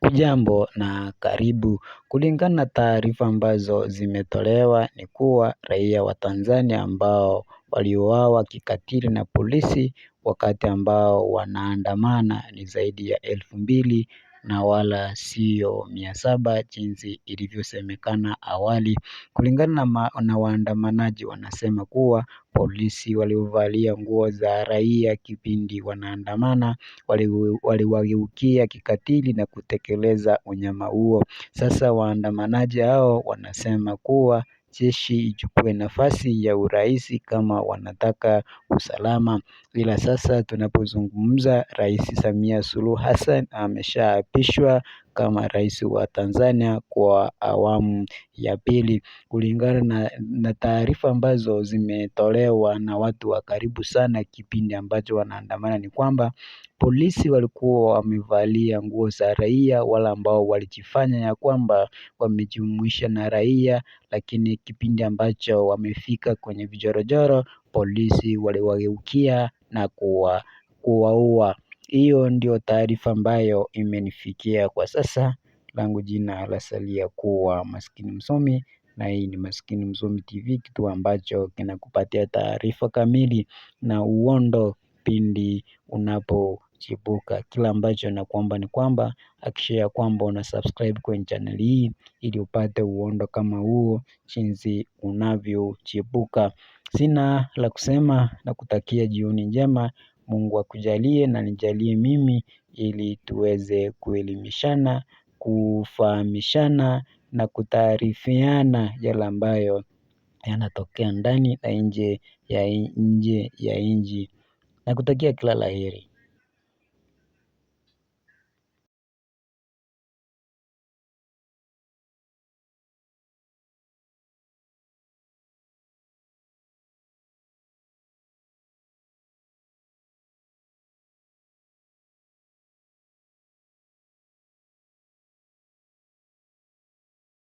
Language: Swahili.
Hujambo na karibu kulingana na taarifa ambazo zimetolewa ni kuwa raia wa Tanzania ambao waliuawa kikatili na polisi wakati ambao wanaandamana ni zaidi ya elfu mbili na wala siyo mia saba jinsi ilivyosemekana awali kulingana na waandamanaji wanasema kuwa polisi waliovalia nguo za raia kipindi wanaandamana waliwageukia kikatili na kutekeleza unyama huo sasa waandamanaji hao wanasema kuwa jeshi ichukue nafasi ya urais kama wanataka usalama ila sasa tunapozungumza rais Samia Suluhu Hassan ameshaapishwa kama rais wa Tanzania kwa awamu ya pili kulingana na taarifa ambazo zimetolewa na watu wa karibu sana kipindi ambacho wanaandamana ni kwamba polisi walikuwa wamevalia nguo za raia wala ambao walijifanya ya kwamba wamejumuisha na raia lakini kipindi ambacho wamefika kwenye vijorojoro polisi waliwageukia na kuwaua. Hiyo ndio taarifa ambayo imenifikia kwa sasa langu jina lasalia kuwa maskini msomi na hii ni Maskini Msomi TV kitu ambacho kinakupatia taarifa kamili na uondo pindi unapochipuka. kila ambacho nakuomba ni kwamba hakikisha ya kwamba subscribe kwenye channel hii ili upate uondo kama huo jinsi unavyochipuka. Sina la kusema na kutakia jioni njema. Mungu akujalie na nijalie mimi ili tuweze kuelimishana, kufahamishana na kutaarifiana yale ambayo yanatokea ndani na nje ya nchi. Nakutakia kila la heri.